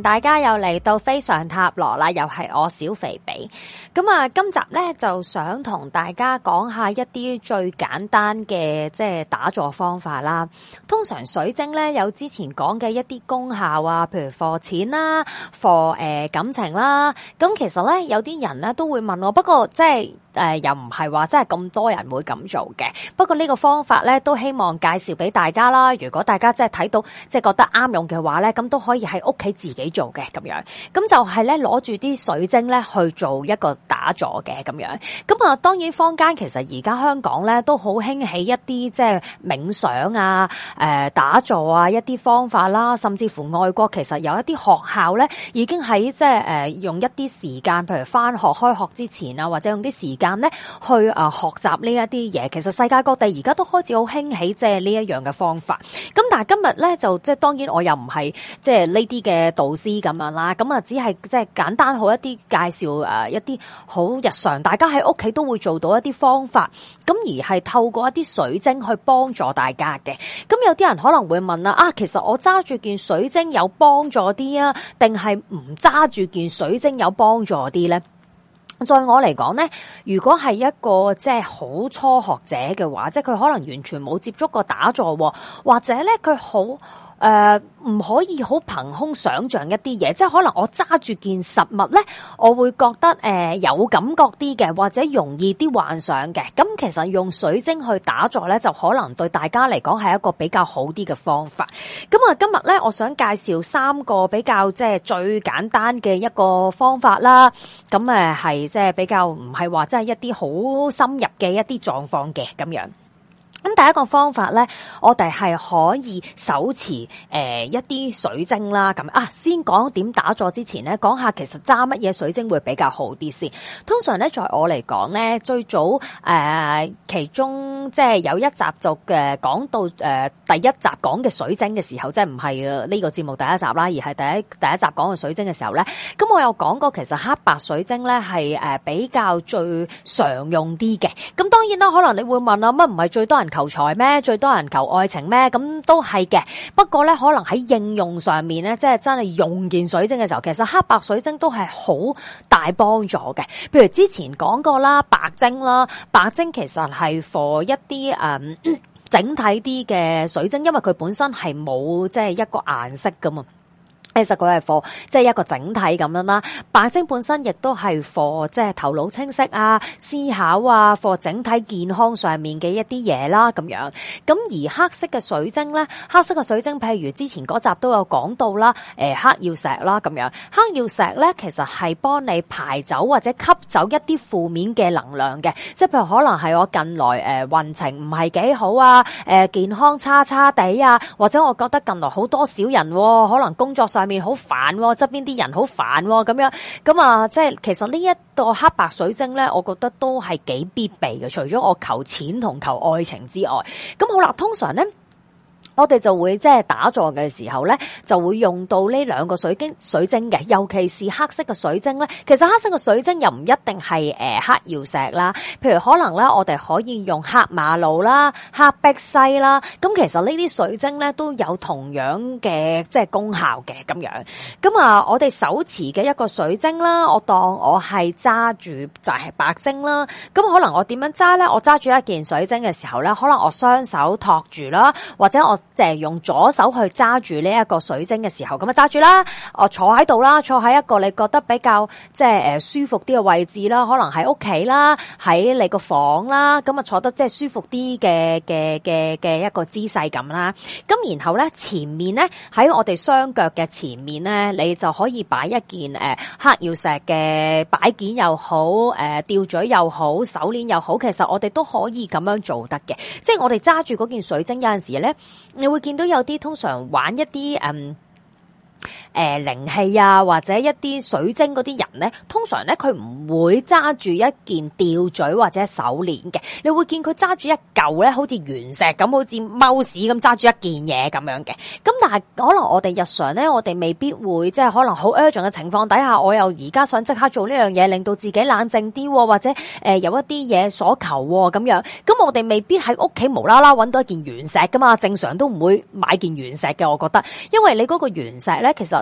大家又嚟到菲常塔羅啦，又係我小肥肥咁啊！今集咧就想同大家講下一啲最簡單嘅即係打坐方法啦。通常水晶咧有之前講嘅一啲功效啊，譬如課錢啦、課誒、uh，感情啦。咁其實咧有啲人咧都會問我，不過即係誒、呃、又唔係話真係咁多人會咁做嘅。不過呢個方法咧都希望介紹俾大家啦。如果大家真係睇到即係覺得啱用嘅話咧，咁都可以喺屋企自己。自己做嘅咁樣，咁就係咧攞住啲水晶咧去做一個打坐嘅咁樣，咁啊當然坊間其實而家香港咧都好興起一啲即係冥想啊、誒、呃、打坐啊一啲方法啦，甚至乎外國其實有一啲學校咧已經喺即係誒用一啲時間，譬如翻學開學之前啊，或者用啲時間咧去誒學習呢一啲嘢。其實世界各地而家都開始好興起即係呢一樣嘅方法。咁但係今日咧就即係當然我又唔係即係呢啲嘅導老師咁樣啦，咁啊只係即係簡單好一啲介紹誒、啊，一啲好日常，大家喺屋企都會做到一啲方法，咁而係透過一啲水晶去幫助大家嘅。咁、嗯、有啲人可能會問啦，啊，其實我揸住件水晶有幫助啲啊，定係唔揸住件水晶有幫助啲呢？在我嚟講呢，如果係一個即係好初學者嘅話，即係佢可能完全冇接觸過打坐，或者呢，佢好。誒，唔、呃、可以好憑空想象一啲嘢，即係可能我揸住件實物呢，我會覺得誒、呃、有感覺啲嘅，或者容易啲幻想嘅。咁其實用水晶去打坐呢，就可能對大家嚟講係一個比較好啲嘅方法。咁啊，今日呢，我想介紹三個比較即係最簡單嘅一個方法啦。咁誒，係即係比較唔係話即係一啲好深入嘅一啲狀況嘅咁樣。咁第一個方法咧，我哋係可以手持誒、呃、一啲水晶啦，咁啊先講點打坐之前咧，講下其實揸乜嘢水晶會比較好啲先。通常咧，在我嚟講咧，最早誒、呃、其中即係有一集續嘅講到誒、呃、第一集講嘅水晶嘅時候，即係唔係呢個節目第一集啦，而係第一第一集講嘅水晶嘅時候咧，咁我又講過，其實黑白水晶咧係誒比較最常用啲嘅。咁當然啦，可能你會問啦，乜唔係最多人？求財咩？最多人求愛情咩？咁都係嘅。不過呢，可能喺應用上面呢，即係真係用見水晶嘅時候，其實黑白水晶都係好大幫助嘅。譬如之前講過啦，白晶啦，白晶其實係 for 一啲誒整體啲嘅水晶，因為佢本身係冇，即係一個顏色噶嘛。其實佢係貨，即係一個整體咁樣啦。白晶本身亦都係貨，即係頭腦清晰啊、思考啊，貨整體健康上面嘅一啲嘢啦，咁樣。咁而黑色嘅水晶咧，黑色嘅水晶，譬如之前嗰集都有講到啦，誒、呃，黑曜石啦，咁樣。黑曜石咧，其實係幫你排走或者吸走一啲負面嘅能量嘅，即係譬如可能係我近來誒、呃、運程唔係幾好啊，誒、呃、健康差差地啊，或者我覺得近來好多小人、啊，可能工作上。下面好煩，側邊啲人好煩咁樣，咁啊，即係其實呢一個黑白水晶咧，我覺得都係幾必備嘅。除咗我求錢同求愛情之外，咁好啦，通常咧。我哋就會即係打坐嘅時候呢，就會用到呢兩個水晶水晶嘅，尤其是黑色嘅水晶呢，其實黑色嘅水晶又唔一定係誒、呃、黑曜石啦，譬如可能呢，我哋可以用黑瑪瑙啦、黑碧璽啦。咁其實呢啲水晶呢，都有同樣嘅即係功效嘅咁樣。咁啊，我哋手持嘅一個水晶啦，我當我係揸住就係白晶啦。咁可能我點樣揸呢？我揸住一件水晶嘅時候呢，可能我雙手托住啦，或者我。即係用左手去揸住呢一個水晶嘅時候，咁啊揸住啦，哦坐喺度啦，坐喺一個你覺得比較即係誒、呃、舒服啲嘅位置啦，可能喺屋企啦，喺你個房啦，咁啊坐得即係舒服啲嘅嘅嘅嘅一個姿勢咁啦。咁然後咧前面咧喺我哋雙腳嘅前面咧，你就可以擺一件誒、呃、黑曜石嘅擺件又好，誒、呃、吊墜又好，手鏈又好，其實我哋都可以咁樣做得嘅。即係我哋揸住嗰件水晶有陣時咧。嗯你會見到有啲通常玩一啲嗯。誒、呃、靈氣啊，或者一啲水晶嗰啲人呢，通常呢，佢唔會揸住一件吊墜或者手鏈嘅，你會見佢揸住一嚿呢，好似原石咁，好似貓屎咁揸住一件嘢咁樣嘅。咁但係可能我哋日常呢，我哋未必會即係可能好 urgent 嘅情況底下，我又而家想即刻做呢樣嘢，令到自己冷靜啲，或者誒有一啲嘢所求咁樣。咁我哋未必喺屋企無啦啦揾到一件原石噶嘛，正常都唔會買件原石嘅，我覺得，因為你嗰個原石呢，其實。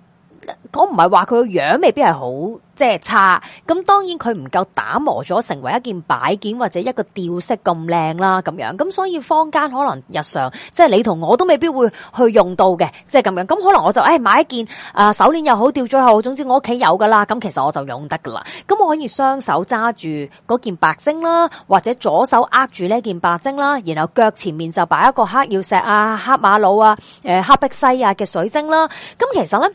我唔係話佢個樣未必係好，即係差咁。當然佢唔夠打磨咗，成為一件擺件或者一個吊飾咁靚啦。咁樣咁，所以坊間可能日常即係你同我都未必會去用到嘅，即係咁樣咁。可能我就誒、哎、買一件誒、啊、手鏈又好，吊墜又好，總之我屋企有噶啦。咁其實我就用得噶啦。咁我可以雙手揸住嗰件白晶啦，或者左手握住呢件白晶啦，然後腳前面就擺一個黑曜石啊、黑瑪瑙啊、誒、呃、黑碧璽、啊、嘅水晶啦。咁其實呢。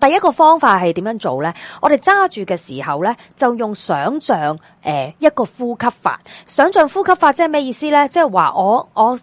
第一個方法係點樣做咧？我哋揸住嘅時候咧，就用想象誒、呃、一個呼吸法。想象呼吸法即係咩意思咧？即係話我我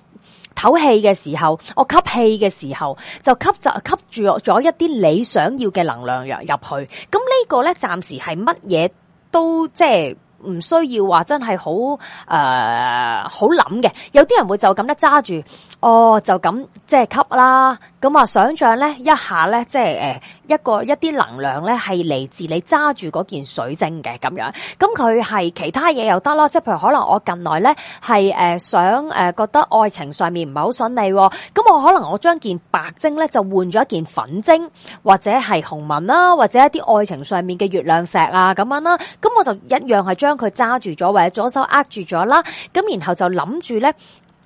唞氣嘅時候，我吸氣嘅時候就吸就吸住咗一啲你想要嘅能量入入去。咁呢個咧暫時係乜嘢，都即係唔需要話真係好誒、呃、好諗嘅。有啲人會就咁咧揸住，哦，就咁即係吸啦。咁啊，想象咧一下咧，即係誒。呃一個一啲能量咧，係嚟自，你揸住嗰件水晶嘅。咁樣，咁佢係其他嘢，又得咯，即係譬如可能我近來咧係誒想誒，呃、覺得愛情上面唔係好順利，啊，咁我可能我將件白晶咧就換咗一件粉晶，或者係紅紋啦，或者一啲愛情上面嘅月亮石啊咁樣啦，啊，咁我就一樣係將佢揸住咗，或者左手握住咗啦，咁然後就諗住咧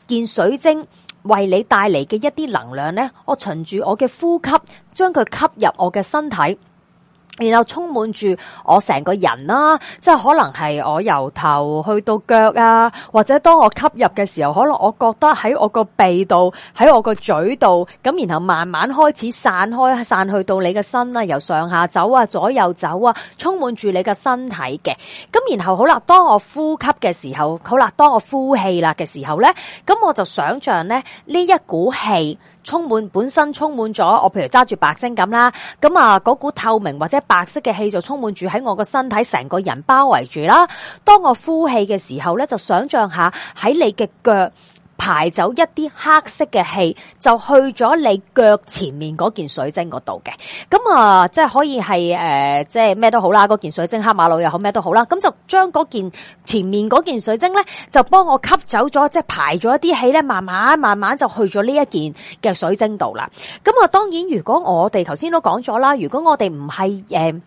件水晶。為你帶嚟嘅一啲能量咧，我循住我嘅呼吸，將佢吸入我嘅身體。然後充滿住我成個人啦，即係可能係我由頭去到腳啊，或者當我吸入嘅時候，可能我覺得喺我個鼻度，喺我個嘴度，咁然後慢慢開始散開，散去到你嘅身啦，由上下走啊，左右走啊，充滿住你嘅身體嘅。咁然後好啦，當我呼吸嘅時候，好啦，當我呼氣啦嘅時候呢，咁我就想象呢呢一股氣。充滿本身充滿咗，我譬如揸住白晶咁啦，咁啊嗰股透明或者白色嘅氣就充滿住喺我個身體，成個人包圍住啦。當我呼氣嘅時候呢，就想象下喺你嘅腳。排走一啲黑色嘅氣，就去咗你腳前面嗰件水晶嗰度嘅。咁啊、呃，即係可以係誒、呃，即係咩都好啦，嗰件水晶黑瑪瑙又好咩都好啦。咁就將嗰件前面嗰件水晶咧，就幫我吸走咗，即係排咗一啲氣咧，慢慢慢慢就去咗呢一件嘅水晶度啦。咁啊，當然如果我哋頭先都講咗啦，如果我哋唔係誒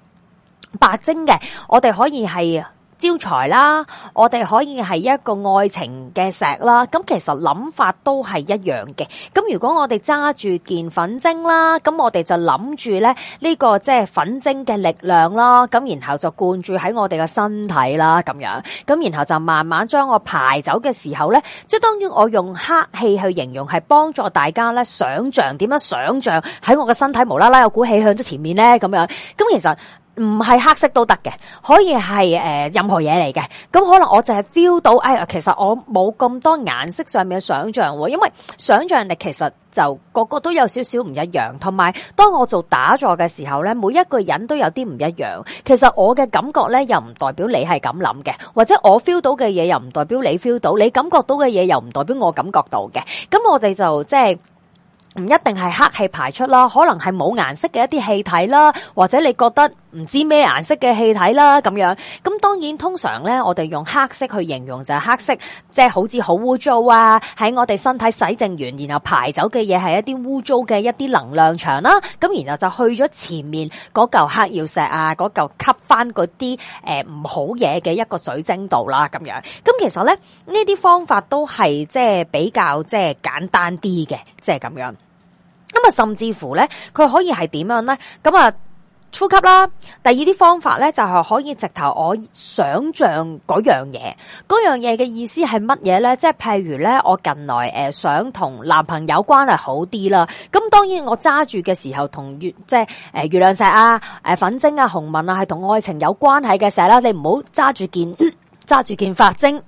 白晶嘅，我哋可以係。招財啦，我哋可以係一個愛情嘅石啦。咁其實諗法都係一樣嘅。咁如果我哋揸住件粉晶啦，咁我哋就諗住咧呢個即係粉晶嘅力量啦。咁然後就灌注喺我哋嘅身體啦，咁樣。咁然後就慢慢將我排走嘅時候呢，即係當然我用黑氣去形容，係幫助大家咧想象點樣想象喺我嘅身體無啦啦有股氣向咗前面呢。咁樣。咁其實。唔係黑色都得嘅，可以係誒任何嘢嚟嘅。咁可能我就係 feel 到，哎，其實我冇咁多顏色上面嘅想象，因為想象力其實就個個都有少少唔一樣。同埋，當我做打坐嘅時候呢，每一個人都有啲唔一樣。其實我嘅感覺呢，又唔代表你係咁諗嘅，或者我 feel 到嘅嘢又唔代表你 feel 到，你感覺到嘅嘢又唔代表我感覺到嘅。咁我哋就即係。唔一定係黑氣排出啦，可能係冇顏色嘅一啲氣體啦，或者你覺得唔知咩顏色嘅氣體啦咁樣。咁當然通常咧，我哋用黑色去形容就係黑色，即係好似好污糟啊！喺我哋身體洗淨完，然後排走嘅嘢係一啲污糟嘅一啲能量場啦、啊。咁然後就去咗前面嗰嚿黑曜石啊，嗰嚿吸翻嗰啲誒唔好嘢嘅一個水晶度啦。咁樣咁其實咧呢啲方法都係即係比較即係簡單啲嘅，即係咁樣。咁啊、嗯，甚至乎咧，佢可以係點樣咧？咁、嗯、啊，呼吸啦。第二啲方法咧，就係、是、可以直頭我想象嗰樣嘢，嗰樣嘢嘅意思係乜嘢咧？即係譬如咧，我近來誒、呃、想同男朋友關係好啲啦。咁、嗯、當然我揸住嘅時候，同月即係誒、呃、月亮石啊，誒粉晶啊、紅紋啊，係同愛情有關係嘅石啦、啊。你唔好揸住件揸住 件髮晶，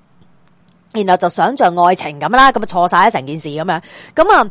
然後就想象愛情咁啦，咁啊錯晒一成件事咁樣。咁啊。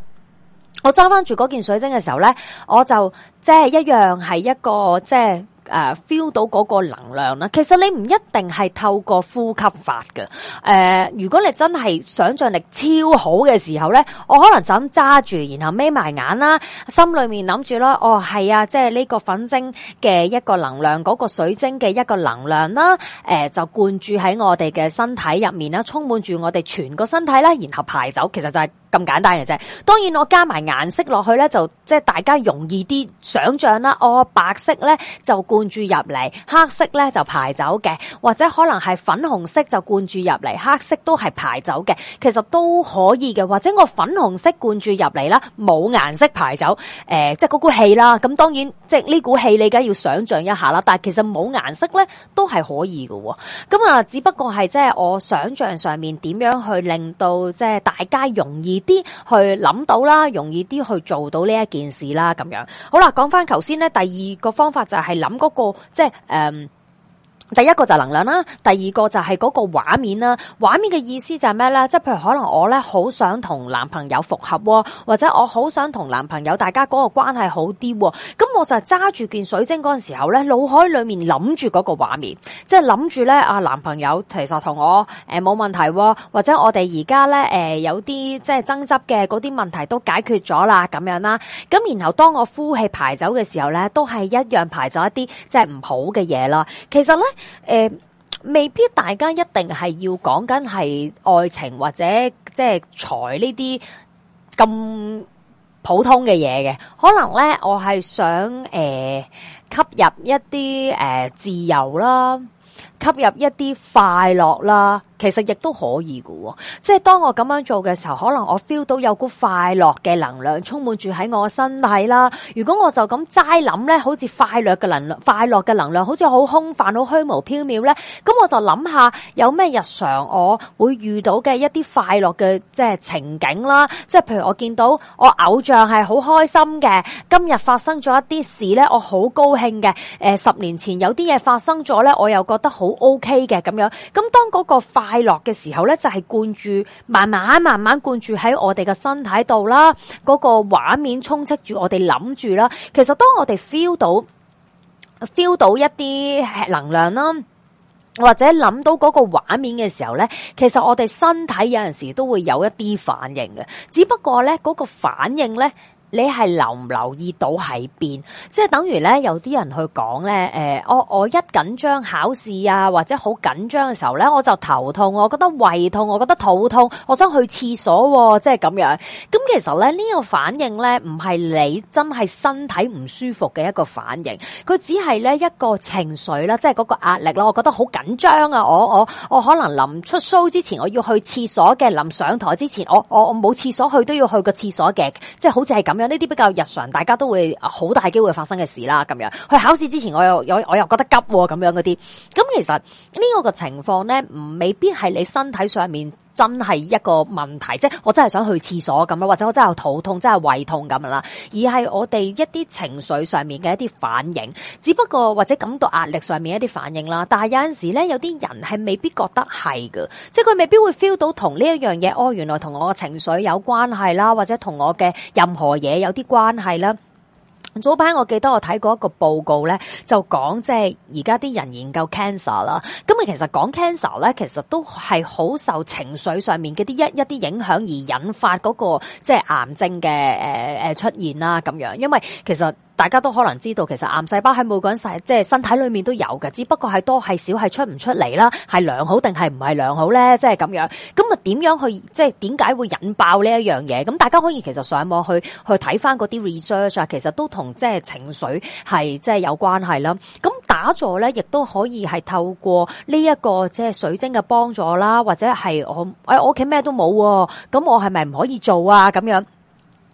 我揸翻住嗰件水晶嘅時候呢，我就即係一樣係一個即係誒 feel 到嗰個能量啦。其實你唔一定係透過呼吸法嘅。誒、呃，如果你真係想象力超好嘅時候呢，我可能就咁揸住，然後眯埋眼啦，心裏面諗住啦，哦係啊，即係呢個粉晶嘅一個能量，嗰、那個水晶嘅一個能量啦，誒、呃、就灌注喺我哋嘅身體入面啦，充滿住我哋全個身體啦，然後排走，其實就係、是。咁簡單嘅啫，當然我加埋顏色落去咧，就即係大家容易啲想象啦。哦，白色咧就灌注入嚟，黑色咧就排走嘅，或者可能係粉紅色就灌注入嚟，黑色都係排走嘅，其實都可以嘅。或者我粉紅色灌注入嚟啦，冇顏色排走，誒、呃、即係嗰股氣啦。咁當然即係呢股氣你梗係要想象一下啦。但係其實冇顏色咧都係可以嘅喎。咁啊，只不過係即係我想象上面點樣去令到即係大家容易。啲去諗到啦，容易啲去，去做到呢一件事啦，咁樣。好啦，講翻頭先咧，第二個方法就係諗嗰個，即係誒。呃第一個就能量啦，第二個就係嗰個畫面啦。畫面嘅意思就係咩呢？即係譬如可能我呢，好想同男朋友復合，哦，或者我好想同男朋友大家嗰個關係好啲，哦。咁我就揸住件水晶嗰陣時候呢，腦海裏面諗住嗰個畫面，即係諗住呢。啊男朋友其實同我誒冇，呃，問題，哦，或者我哋而家呢，誒、呃，有啲即係爭執嘅嗰啲問題都解決咗啦，咁樣啦。咁然後當我呼氣排走嘅時候呢，都係一樣排走一啲即係唔好嘅嘢啦。其實呢。誒、呃，未必大家一定係要講緊係愛情或者即係財呢啲咁普通嘅嘢嘅，可能咧我係想誒、呃、吸入一啲誒、呃、自由啦，吸入一啲快樂啦。其實亦都可以嘅喎，即係當我咁樣做嘅時候，可能我 feel 到有股快樂嘅能量充滿住喺我身體啦。如果我就咁齋諗呢，好似快樂嘅能量，快樂嘅能量好似好空泛、好虛無縹緲呢。咁我就諗下有咩日常我會遇到嘅一啲快樂嘅即係情景啦。即係譬如我見到我偶像係好開心嘅，今日發生咗一啲事呢，我好高興嘅。誒、呃，十年前有啲嘢發生咗呢，我又覺得好 OK 嘅咁樣。咁當嗰個快快樂嘅時候咧，就係灌注，慢慢慢慢灌注喺我哋嘅身體度啦。嗰個畫面充斥住我哋諗住啦。其實當我哋 feel 到 feel 到一啲能量啦，或者諗到嗰個畫面嘅時候咧，其實我哋身體有陣時都會有一啲反應嘅。只不過咧，嗰個反應咧。你係留唔留意到喺邊？即係等於咧，有啲人去講咧，誒、欸，我我一緊張考試啊，或者好緊張嘅時候咧，我就頭痛，我覺得胃痛，我覺得肚痛，我想去廁所啊，即係咁樣。咁其實咧，呢個反應咧，唔係你真係身體唔舒服嘅一個反應，佢只係咧一個情緒啦，即係嗰個壓力啦。我覺得好緊張啊！我我我可能臨出 show 之前我要去廁所嘅，臨上台之前我我我冇廁所去都要去個廁所嘅，即係好似係咁。咁樣呢啲比較日常，大家都會好大機會發生嘅事啦。咁樣，去考試之前，我又有我又覺得急喎。咁樣嗰啲。咁其實呢個個情況咧，唔未必係你身體上面，真係一個問題，即係我真係想去廁所咁啦，或者我真係有肚痛，真係胃痛咁啦，而係我哋一啲情緒上面嘅一啲反應，只不過或者感到壓力上面一啲反應啦。但係有陣時呢，有啲人係未必覺得係嘅，即係佢未必會 feel 到同呢一樣嘢，哦，原來同我嘅情緒有關係啦，或者同我嘅任何嘢有啲關係啦。早排我記得我睇過一個報告咧，就講即係而家啲人研究 cancer 啦。咁啊，其實講 cancer 咧，其實都係好受情緒上面嗰啲一一啲影響而引發嗰、那個即係、就是、癌症嘅誒誒出現啦。咁樣，因為其實。大家都可能知道，其實癌細胞喺每個人細，即係身體裏面都有嘅，只不過係多係少是出出，係出唔出嚟啦，係良好定係唔係良好咧，即係咁樣。咁啊，點樣去即係點解會引爆呢一樣嘢？咁大家可以其實上網去去睇翻嗰啲 research 啊，其實都同即係情緒係即係有關係啦。咁打坐咧，亦都可以係透過呢一個即係水晶嘅幫助啦，或者係我誒、哎、我屋企咩都冇，咁我係咪唔可以做啊？咁樣？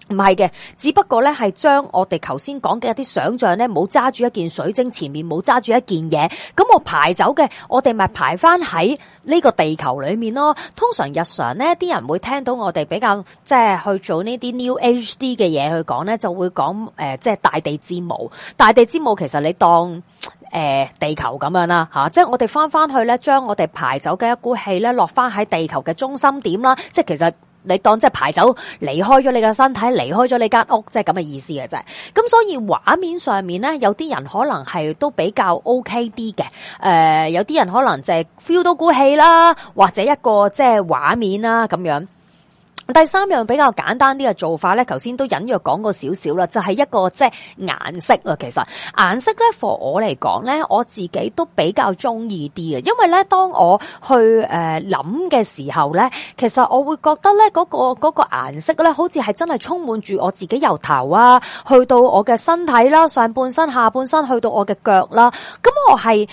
唔係嘅，只不過咧係將我哋頭先講嘅一啲想象咧，冇揸住一件水晶，前面冇揸住一件嘢，咁我排走嘅，我哋咪排翻喺呢個地球裏面咯。通常日常咧，啲人會聽到我哋比較即係去做呢啲 new HD 嘅嘢去講咧，就會講誒、呃，即係大地之母。大地之母其實你當誒、呃、地球咁樣啦吓、啊，即係我哋翻翻去咧，將我哋排走嘅一股氣咧，落翻喺地球嘅中心點啦，即係其實。你當即係排走，離開咗你個身體，離開咗你間屋，即係咁嘅意思嘅啫。咁所以畫面上面咧，有啲人可能係都比較 OK 啲嘅。誒、呃，有啲人可能就係 feel 到股氣啦，或者一個即係畫面啦、啊、咁樣。第三樣比較簡單啲嘅做法咧，頭先都隱約講過少少啦，就係、係、一個即係顏色啊。其實顏色咧，for 我嚟講咧，我自己都比較中意啲啊，因為咧，當我去誒諗嘅時候咧，其實我會覺得咧、嗰個，嗰、嗰個嗰個顏色咧，好似係真係充滿住我自己，由頭啊，去到我嘅身體啦，上半身、下半身，去到我嘅腳啦，咁我係。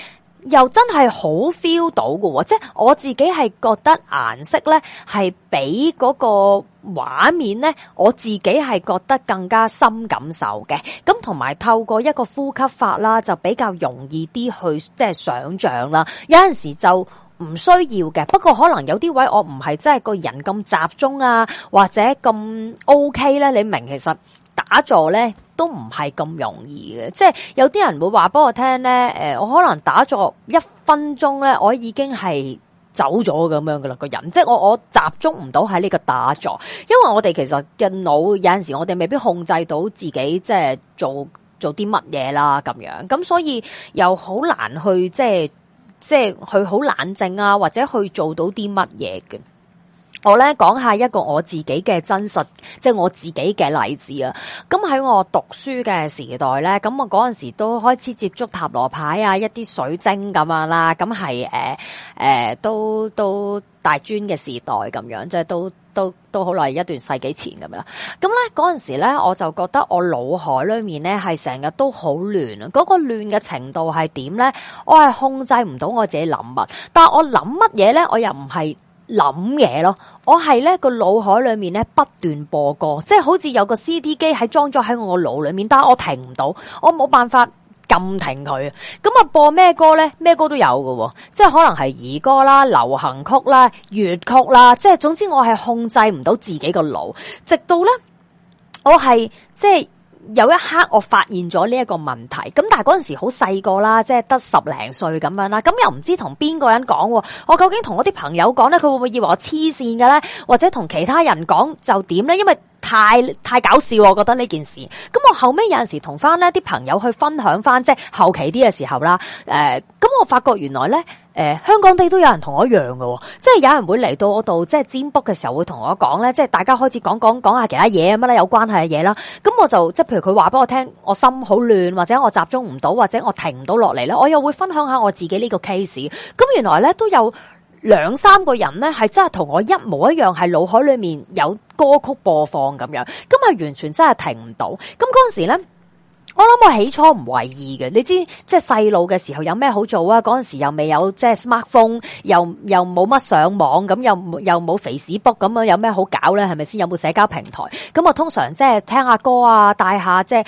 又真係好 feel 到嘅，即係我自己係覺得顏色咧，係比嗰個畫面咧，我自己係覺得更加深感受嘅。咁同埋透過一個呼吸法啦，就比較容易啲去，即係想象啦。有陣時就。唔需要嘅，不過可能有啲位我唔係真係個人咁集中啊，或者咁 O K 咧？你明其實打坐咧都唔係咁容易嘅，即係有啲人會話俾我聽咧，誒、呃，我可能打坐一分鐘咧，我已經係走咗咁樣噶啦，個人，即係我我集中唔到喺呢個打坐，因為我哋其實嘅腦有陣時我哋未必控制到自己，即係做做啲乜嘢啦咁樣，咁所以又好難去即係。即係佢好冷靜啊，或者去做到啲乜嘢嘅。我咧講下一個我自己嘅真實，即係我自己嘅例子啊！咁喺我讀書嘅時代咧，咁我嗰陣時都開始接觸塔羅牌啊，一啲水晶咁樣啦，啊，咁係誒誒，都都，都大專嘅時代咁樣，即係都都都好耐一段世紀前咁樣。咁咧嗰陣時咧，我就覺得我腦海裏面咧係成日都好亂啊！嗰、嗰個亂嘅程度係點咧？我係控制唔到我自己諗乜，但係我諗乜嘢咧？我又唔係。諗嘢咯，我係咧個腦海裏面咧不斷播歌，即係好似有個 CD 機喺裝咗喺我個腦裏面，但係我停唔到，我冇辦法撳停佢。咁、嗯、啊播咩歌咧？咩歌都有噶，即係可能係兒歌啦、流行曲啦、粵曲啦，即係總之我係控制唔到自己個腦，直到咧我係即係。有一刻我發現咗呢一個問題，咁但係嗰陣時好細個啦，即係得十零歲咁樣啦，咁又唔知同邊個人講，我究竟同我啲朋友講咧，佢會唔會以為我黐線嘅咧？或者同其他人講就點咧？因為太太搞笑，我覺得呢件事。咁我後尾有陣時同翻呢啲朋友去分享翻，即係後期啲嘅時候啦。誒、呃，咁我發覺原來咧。誒、呃，香港地都有人同我一樣嘅，即係有人會嚟到我度，即係占卜嘅時候會同我講咧，即係大家開始講講講下其他嘢乜咧，有關係嘅嘢啦。咁我就即係譬如佢話俾我聽，我心好亂，或者我集中唔到，或者我停唔到落嚟咧，我又會分享下我自己呢個 case。咁原來咧都有兩三個人咧係真係同我一模一樣，係腦海裏面有歌曲播放咁樣，咁係完全真係停唔到。咁嗰陣時咧。我諗我起初唔為意嘅，你知即係細路嘅時候有咩好做啊？嗰陣時又未有即係 smartphone，又又冇乜上網，咁又又冇肥士 book，咁樣有咩好搞咧？係咪先有冇社交平台？咁我通常即係聽下歌啊，帶下即係誒誒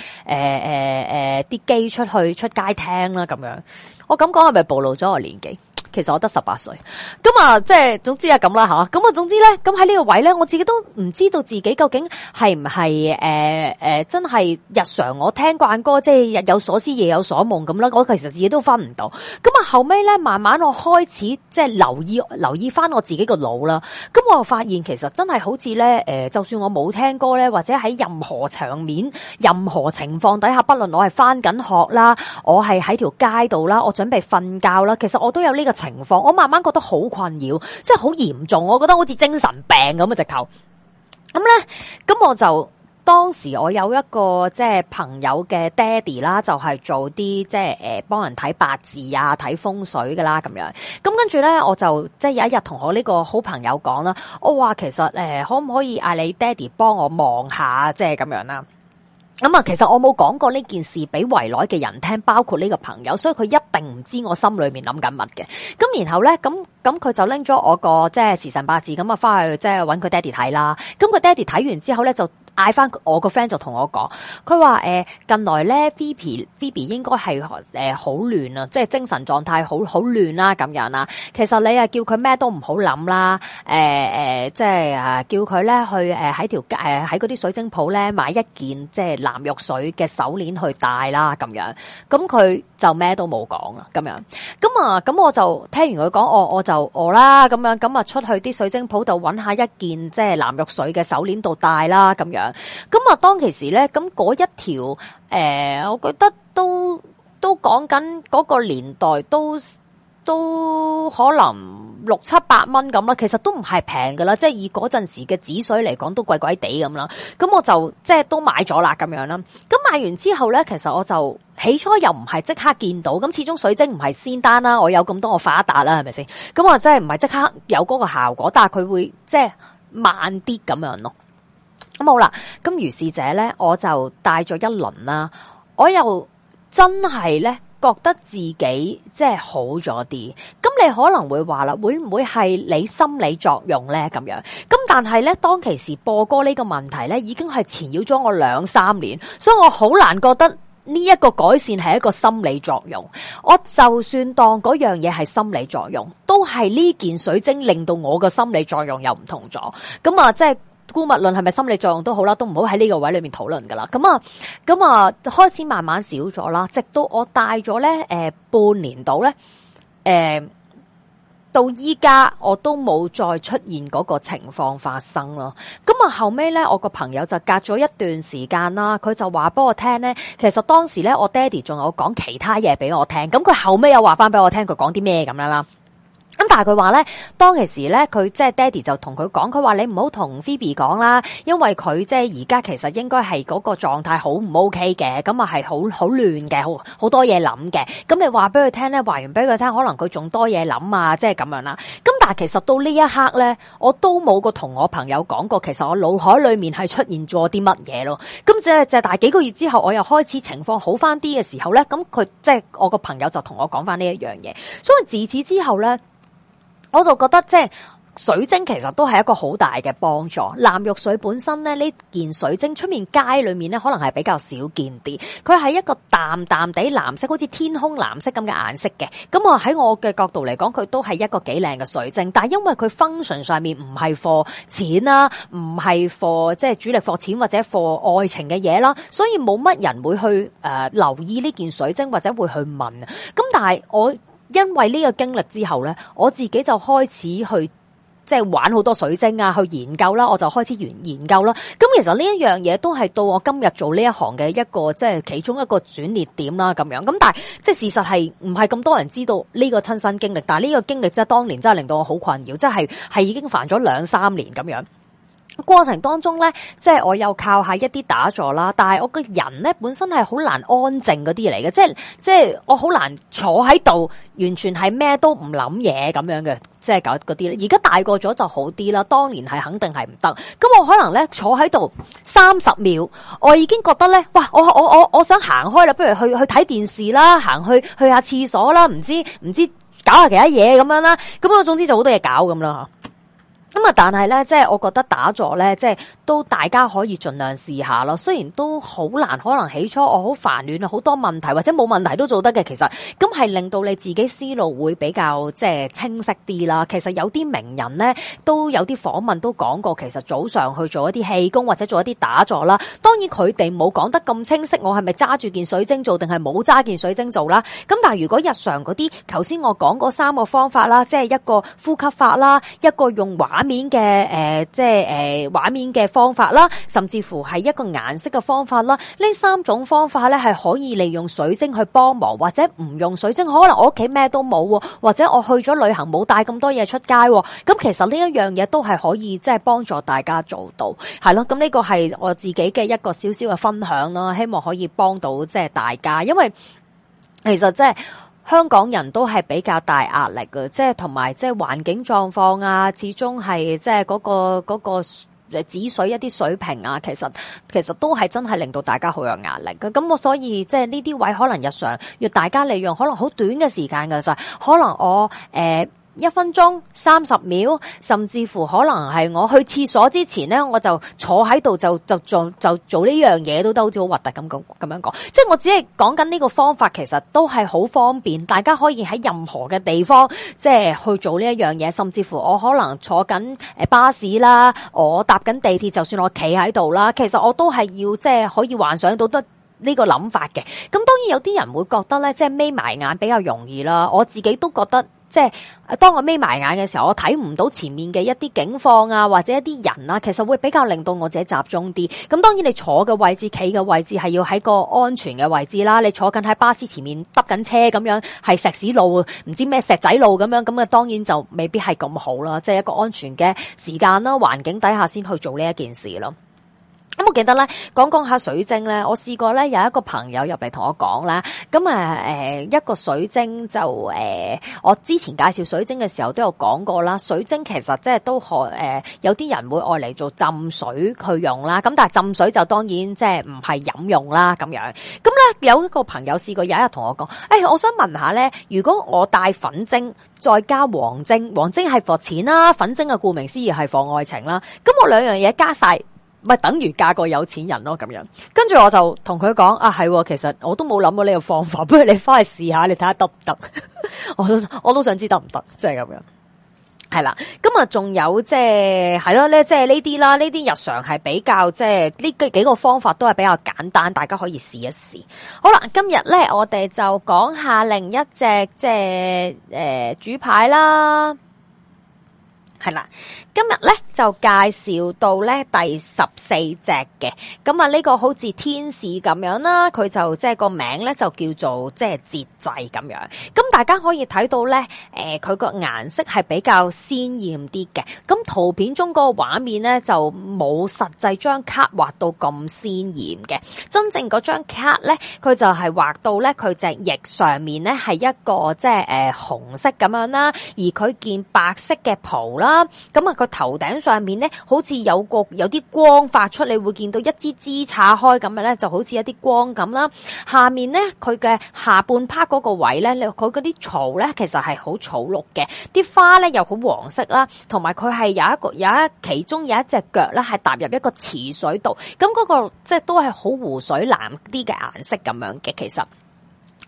誒啲機出去出街聽啦、啊，咁樣。我咁講係咪暴露咗我年紀？其實我得十八歲，咁啊，即係總之啊咁啦吓，咁啊，總之咧，咁喺呢個位咧，我自己都唔知道自己究竟係唔係誒誒，真係日常我聽慣歌，即係日有所思夜有所夢咁啦。我其實自己都分唔到。咁啊，後尾咧，慢慢我開始即係留意留意翻我自己個腦啦。咁我又發現其實真係好似咧誒，就算我冇聽歌咧，或者喺任何場面、任何情況底下，不論我係翻緊學啦，我係喺條街度啦，我準備瞓覺啦，其實我都有呢個。情況我慢慢覺得好困擾，即係好嚴重，我覺得好似精神病咁嘅，直頭。咁咧，咁我就當時我有一個即係朋友嘅爹哋啦，就係、是、做啲即係誒幫人睇八字啊、睇風水㗎啦咁樣。咁跟住咧，我就即係有一日同我呢個好朋友講啦，我話其實誒、欸、可唔可以嗌你爹哋幫我望下，即係咁樣啦。咁啊，嗯，其實我冇講過呢件事俾圍內嘅人聽，包括呢個朋友，所以佢一定唔知我心裏面諗緊乜嘅。咁然後咧，咁咁佢就拎咗我個即係時辰八字，咁啊翻去即係搵佢爹哋睇啦。咁佢爹哋睇完之後咧就，嗌翻我個 friend 就同我講，佢話誒，近來咧，Phoebe Phoebe 應該係誒好亂啊，即係精神狀態好好亂啦咁樣啦。其實你啊叫佢咩都唔好諗啦，誒、呃、誒、呃，即係啊、呃、叫佢咧去誒喺條街誒喺啲水晶鋪咧買一件即係藍玉水嘅手鏈去戴啦咁樣。咁佢就咩都冇講啊咁樣。咁啊咁我就聽完佢講，我我就餓、啊、啦咁樣。咁啊出去啲水晶鋪度揾下一件即係藍玉水嘅手鏈度戴啦咁樣。咁啊，當其時咧，咁嗰一條誒、呃，我覺得都都講緊嗰個年代，都都可能六七百蚊咁啦，其實都唔係平噶啦，即係以嗰陣時嘅止水嚟講，都貴貴哋咁啦。咁我就即係都買咗啦，咁樣啦。咁買完之後咧，其實我就起初又唔係即刻見到，咁始終水晶唔係仙丹啦，我有咁多我發達啦，係咪先？咁我真係唔係即刻有嗰個效果，但係佢會即係慢啲咁樣咯。咁、嗯、好啦，咁如是者呢，我就戴咗一輪啦，我又真係呢，覺得自己即係好咗啲。咁、嗯、你可能會話啦，會唔會係你心理作用呢？咁樣咁，但係呢，當其時播歌呢個問題呢，已經係纏繞咗我兩三年，所以我好難覺得呢一個改善係一個心理作用。我就算當嗰樣嘢係心理作用，都係呢件水晶令到我個心理作用又唔同咗。咁、嗯、啊，即係。姑勿論係咪心理作用都好啦，都唔好喺呢個位裏面討論噶啦。咁啊，咁啊開始慢慢少咗啦，直到我大咗咧，誒、呃、半年度咧，誒、呃、到依家我都冇再出現嗰個情況發生咯。咁啊後尾咧，我個朋友就隔咗一段時間啦，佢就話俾我聽咧，其實當時咧我爹哋仲有講其他嘢俾我聽。咁佢後尾又話翻俾我聽，佢講啲咩咁樣啦？但係佢話咧，當其時咧，佢即係爹哋就同佢講，佢話你唔好同菲比講啦，因為佢即係而家其實應該係嗰個狀態好唔 OK 嘅，咁啊係好好亂嘅，好好多嘢諗嘅。咁你話俾佢聽咧，話完俾佢聽，可能佢仲多嘢諗啊，即係咁樣啦。咁但係其實到呢一刻咧，我都冇個同我朋友講過，其實我腦海裏面係出現咗啲乜嘢咯。咁就係大幾個月之後，我又開始情況好翻啲嘅時候咧，咁佢即係我個朋友就同我講翻呢一樣嘢，所以自此之後咧。我就覺得即係水晶其實都係一個好大嘅幫助。藍玉水本身咧，呢件水晶出面街裏面咧，可能係比較少見啲。佢係一個淡淡地藍色，好似天空藍色咁嘅顏色嘅。咁我喺我嘅角度嚟講，佢都係一個幾靚嘅水晶。但係因為佢 function 上面唔係貨錢啦，唔係貨即係主力貨錢或者貨愛情嘅嘢啦，所以冇乜人會去誒、呃、留意呢件水晶或者會去問。咁但係我。因為呢個經歷之後咧，我自己就開始去即係玩好多水晶啊，去研究啦，我就開始研研究啦。咁其實呢一樣嘢都係到我今日做呢一行嘅一個即係其中一個轉捩點啦，咁樣。咁但係即係事實係唔係咁多人知道呢個親身經歷，但係呢個經歷真係當年真係令到我好困擾，即係係已經煩咗兩三年咁樣。過程當中咧，即係我又靠下一啲打坐啦，但係我個人咧本身係好難安靜嗰啲嚟嘅，即係即係我好難坐喺度，完全係咩都唔諗嘢咁樣嘅，即係搞嗰啲咧。而家大個咗就好啲啦，當年係肯定係唔得。咁我可能咧坐喺度三十秒，我已經覺得咧，哇！我我我我想行開啦，不如去去睇電視啦，行去去下廁所啦，唔知唔知搞下其他嘢咁樣啦。咁我總之就好多嘢搞咁啦咁啊，但係咧，即係我覺得打坐咧，即係都大家可以盡量試下咯。雖然都好難，可能起初我好煩亂啊，好多問題或者冇問題都做得嘅。其實咁係令到你自己思路會比較即係清晰啲啦。其實有啲名人咧都有啲訪問都講過，其實早上去做一啲氣功或者做一啲打坐啦。當然佢哋冇講得咁清晰，我係咪揸住件水晶做定係冇揸件水晶做啦？咁但係如果日常嗰啲，頭先我講過三個方法啦，即係一個呼吸法啦，一個用玩。畫面嘅誒、呃，即係誒，呃、畫面嘅方法啦，甚至乎係一個顏色嘅方法啦。呢三種方法呢，係可以利用水晶去幫忙，或者唔用水晶，可能我屋企咩都冇，或者我去咗旅行冇帶咁多嘢出街。咁其實呢一樣嘢都係可以，即係幫助大家做到，係咯。咁呢個係我自己嘅一個少少嘅分享啦，希望可以幫到即係大家。因為其實即係。香港人都係比較大壓力嘅，即係同埋即係環境狀況啊，始終係即係嗰個嗰個誒止水一啲水平啊，其實其實都係真係令到大家好有壓力嘅。咁我所以即係呢啲位可能日常若大家利用，可能好短嘅時間嘅就係可能我誒。呃一分鐘三十秒，甚至乎可能係我去廁所之前呢，我就坐喺度就就，就，就做就做呢樣嘢都都好似好核突咁講咁樣講，即係我只係講緊呢個方法，其實都係好方便，大家可以喺任何嘅地方即係去做呢一樣嘢，甚至乎我可能坐緊巴士啦，我搭緊地鐵，就算我企喺度啦，其實我都係要即係可以幻想到得呢個諗法嘅。咁當然有啲人會覺得呢，即係眯埋眼比較容易啦。我自己都覺得。即係，當我眯埋眼嘅時候，我睇唔到前面嘅一啲景況啊，或者一啲人啊，其實會比較令到我自己集中啲。咁當然，你坐嘅位置、企嘅位置係要喺個安全嘅位置啦。你坐緊喺巴士前面，搭緊車咁樣，係石屎路，唔知咩石仔路咁樣，咁啊，當然就未必係咁好啦。即係一個安全嘅時間啦、環境底下先去做呢一件事咯。咁我記得咧，講講下水晶咧。我試過咧，有一個朋友入嚟同我講啦。咁啊，誒、呃，一個水晶就誒、呃，我之前介紹水晶嘅時候都有講過啦。水晶其實即係都可誒、呃，有啲人會愛嚟做浸水去用啦。咁但係浸水就當然即係唔係飲用啦咁樣。咁咧有一個朋友試過有一日同我講，誒、欸，我想問下咧，如果我戴粉晶再加黃晶，黃晶係防錢啦，粉晶啊顧名思義係防愛情啦。咁我兩樣嘢加晒。咪等於嫁個有錢人咯，咁樣。跟住我就同佢講，啊係，其實我都冇諗過呢個方法，不如你翻去試下，你睇下得唔得？ 我都我都想知得唔得，即係咁樣。係啦，今日仲有即係係咯咧，即係呢啲啦，呢啲日常係比較即係呢幾幾個方法都係比較簡單，大家可以試一試。好啦，今日咧我哋就講下另一隻即係誒主牌啦。係啦，今日咧就介紹到咧第十四隻嘅，咁啊呢個好似天使咁樣啦，佢就即係個名咧就叫做即係節制咁樣。咁大家可以睇到咧，誒佢個顏色係比較鮮豔啲嘅。咁圖片中個畫面咧就冇實際張卡畫到咁鮮豔嘅，真正嗰張卡咧，佢就係畫到咧佢隻翼上面咧係一個即係誒、呃、紅色咁樣啦，而佢件白色嘅袍啦。啦，咁啊個頭頂上面咧，好似有個有啲光發出，你會見到一支枝岔開咁嘅咧，就好似一啲光咁啦。下面咧，佢嘅下半 part 嗰個位咧，佢嗰啲草咧，其實係好草綠嘅，啲花咧又好黃色啦，同埋佢係有一個有一個其中有一隻腳咧，係踏入一個池水度，咁嗰個即係都係好湖水藍啲嘅顏色咁樣嘅，其實。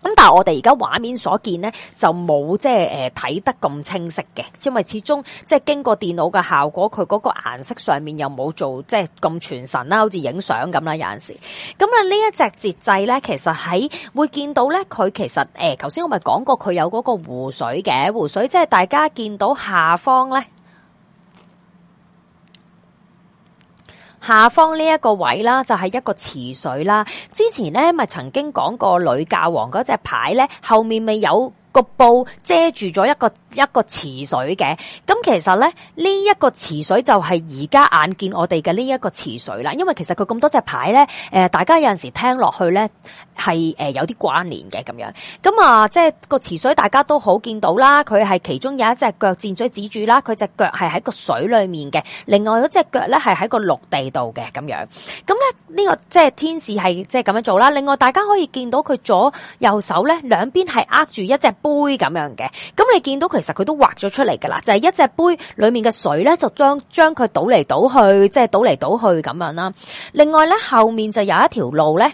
咁但係我哋而家畫面所見咧，就冇即係誒睇得咁清晰嘅，因為始終即係、就是、經過電腦嘅效果，佢嗰個顏色上面又冇做即係咁全神啦，好似影相咁啦有陣時。咁啊呢一隻節制咧，其實喺會見到咧，佢其實誒，頭、呃、先我咪講過佢有嗰個湖水嘅湖水，即係大家見到下方咧。下方呢一個位啦，就係一個池水啦。之前咧咪曾經講過女教皇嗰隻牌咧，後面咪有。個布遮住咗一個一個池水嘅，咁其實咧呢一，這個池水就係而家眼見我哋嘅呢一個池水啦，因為其實佢咁多隻牌咧，誒、呃，大家有陣時聽落去咧係誒有啲關聯嘅咁樣，咁、嗯、啊，即係個池水大家都好見到啦，佢係其中有一隻腳箭嘴指住啦，佢隻腳係喺個水裏面嘅，另外嗰隻腳咧係喺個陸地度嘅咁樣，咁咧呢個即係天使係即係咁樣做啦，另外大家可以見到佢左右手咧兩邊係握住一隻杯咁樣嘅，咁你見到其實佢都畫咗出嚟噶啦，就係一隻杯裏面嘅水咧，就將將佢倒嚟倒去，即係倒嚟倒去咁樣啦。另外咧，後面就有一條路咧，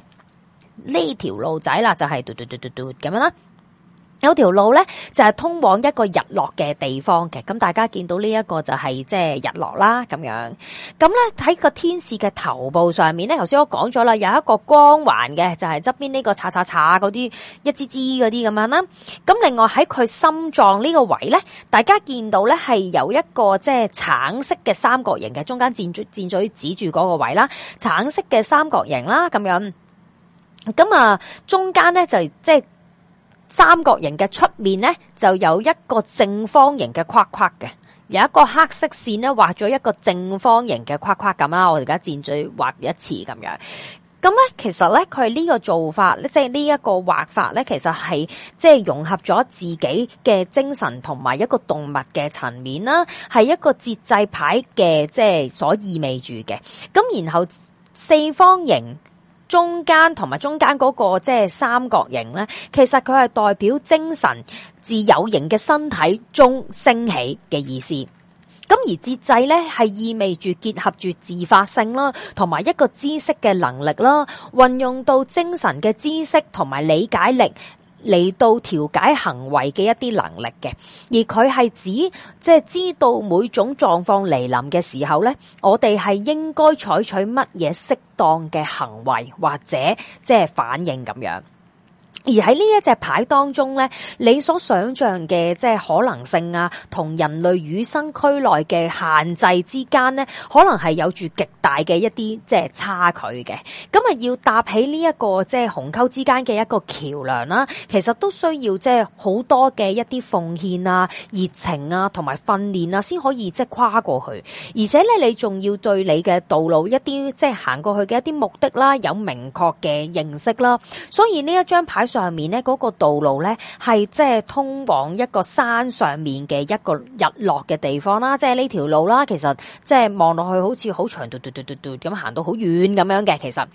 呢條路仔啦，就係嘟嘟嘟嘟嘟咁樣啦。有條路咧，就係、是、通往一個日落嘅地方嘅。咁大家見到呢一個就係即係日落啦，咁樣。咁咧，喺個天使嘅頭部上面咧，頭先我講咗啦，有一個光環嘅，就係側邊呢個叉叉叉嗰啲一支支嗰啲咁樣啦。咁另外喺佢心臟呢個位咧，大家見到咧係有一個即係橙色嘅三角形嘅，中間箭箭嘴指住嗰個位啦，橙色嘅三角形啦，咁樣。咁啊，中間咧就即、是、係。就是三角形嘅出面咧，就有一個正方形嘅框框嘅，有一個黑色綫咧畫咗一個正方形嘅框框咁啊！我哋而家箭嘴畫一次咁樣，咁咧其實咧佢呢個做法，即係呢一個畫法咧，其實係即係融合咗自己嘅精神同埋一個動物嘅層面啦，係一個節制牌嘅，即係所意味住嘅。咁然後四方形。中間同埋中間嗰個即係三角形呢，其實佢係代表精神自有形嘅身體中升起嘅意思。咁而節制呢，係意味住結合住自發性啦，同埋一個知識嘅能力啦，運用到精神嘅知識同埋理解力。嚟到調解行為嘅一啲能力嘅，而佢係指即係知道每種狀況嚟臨嘅時候咧，我哋係應該採取乜嘢適當嘅行為或者即係反應咁樣。而喺呢一隻牌當中咧，你所想象嘅即係可能性啊，同人類與生俱來嘅限制之間咧，可能係有住極大嘅一啲即係差距嘅。咁啊，要搭起呢一個即係鴻溝之間嘅一個橋樑啦，其實都需要即係好多嘅一啲奉獻啊、熱情啊、同埋訓練啊，先可以即係跨過去。而且咧，你仲要對你嘅道路一啲即係行過去嘅一啲目的啦，有明確嘅認識啦。所以呢一張牌。喺上面咧，嗰個道路咧係即係通往一個山上面嘅一個日落嘅地方啦，即係呢條路啦。其實即係望落去好似好長，嘟嘟嘟嘟嘟咁行到好遠咁樣嘅，其實。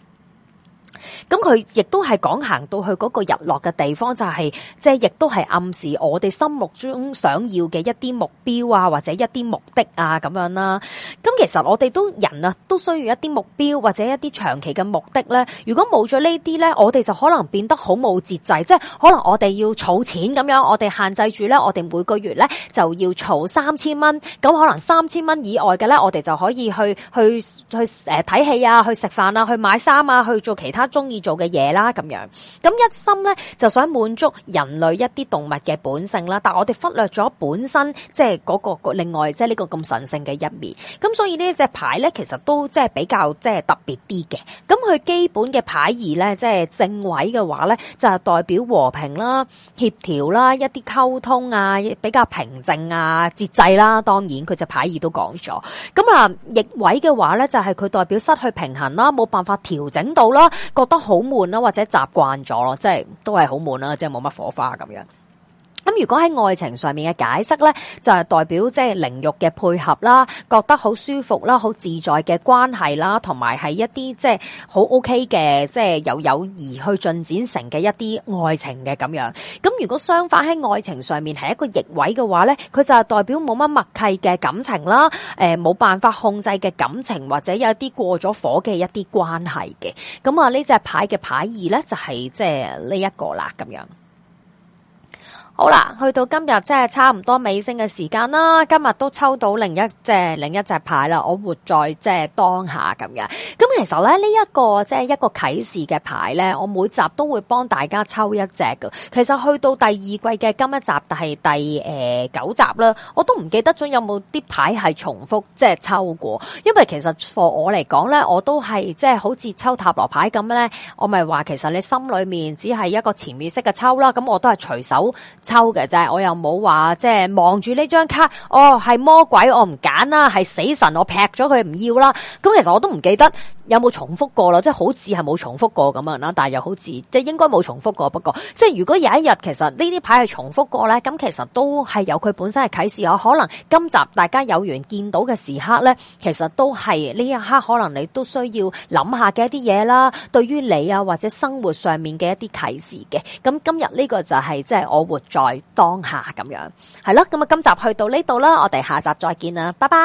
咁佢亦都係講行到去嗰個日落嘅地方，就是，就係即係亦都係暗示我哋心目中想要嘅一啲目標啊，或者一啲目的啊咁樣啦。咁其實我哋都人啊，都需要一啲目標或者一啲長期嘅目的咧。如果冇咗呢啲咧，我哋就可能變得好冇節制，即係可能我哋要儲錢咁樣，我哋限制住咧，我哋每個月咧就要儲三千蚊，咁可能三千蚊以外嘅咧，我哋就可以去去去誒睇戲啊，去食飯啊，去買衫啊，去做其他中意做嘅嘢啦，咁樣咁一心咧就想滿足人類一啲動物嘅本性啦，但係我哋忽略咗本身即係嗰個另外即係呢個咁神聖嘅一面，咁所以隻呢隻牌咧其實都即係比較即係、就是、特別啲嘅。咁佢基本嘅牌義咧，即、就、係、是、正位嘅話咧就係、是、代表和平啦、協調啦、一啲溝通啊、比較平靜啊、節制啦。當然佢隻牌義都講咗。咁啊逆位嘅話咧就係、是、佢代表失去平衡啦，冇辦法調整到啦。覺得好悶啦，或者習慣咗咯，即係都係好悶啦，即係冇乜火花咁樣。咁如果喺愛情上面嘅解釋呢，就係代表即係靈肉嘅配合啦，覺得好舒服啦，好自在嘅關係啦，同埋係一啲即係好 OK 嘅，即係有友誼去進展成嘅一啲愛情嘅咁樣。咁如果相反喺愛情上面係一個逆位嘅話呢，佢就係代表冇乜默契嘅感情啦，誒、呃，冇辦法控制嘅感情或者有啲過咗火嘅一啲關係嘅。咁啊，呢隻牌嘅牌意呢，就係即係呢一個啦，咁樣。好啦，去到今日即係差唔多尾聲嘅時間啦，今日都抽到另一隻另一隻牌啦，我活在即係當下咁樣。咁其實咧呢、這個、一個即係一個啟示嘅牌咧，我每集都會幫大家抽一隻嘅。其實去到第二季嘅今一集係第誒、呃、九集啦，我都唔記得咗有冇啲牌係重複即係抽過。因為其實 for 我嚟講咧，我都係即係好似抽塔羅牌咁咧，我咪話其實你心裏面只係一個潛意識嘅抽啦，咁我都係隨手。抽嘅就係我又冇話即係望住呢張卡，哦係魔鬼我唔揀啦，係死神我劈咗佢唔要啦，咁其實我都唔記得。有冇重複過咯？即係好似係冇重複過咁樣啦，但係又好似即係應該冇重複過。不過，即係如果有一日其實呢啲牌係重複過呢，咁其實都係有佢本身嘅啟示我。可能今集大家有緣見到嘅時刻呢，其實都係呢一刻可能你都需要諗下嘅一啲嘢啦，對於你啊，或者生活上面嘅一啲啟示嘅，咁今日呢個就係即係我活在當下咁樣，係咯。咁啊，今集去到呢度啦，我哋下集再見啦，拜拜。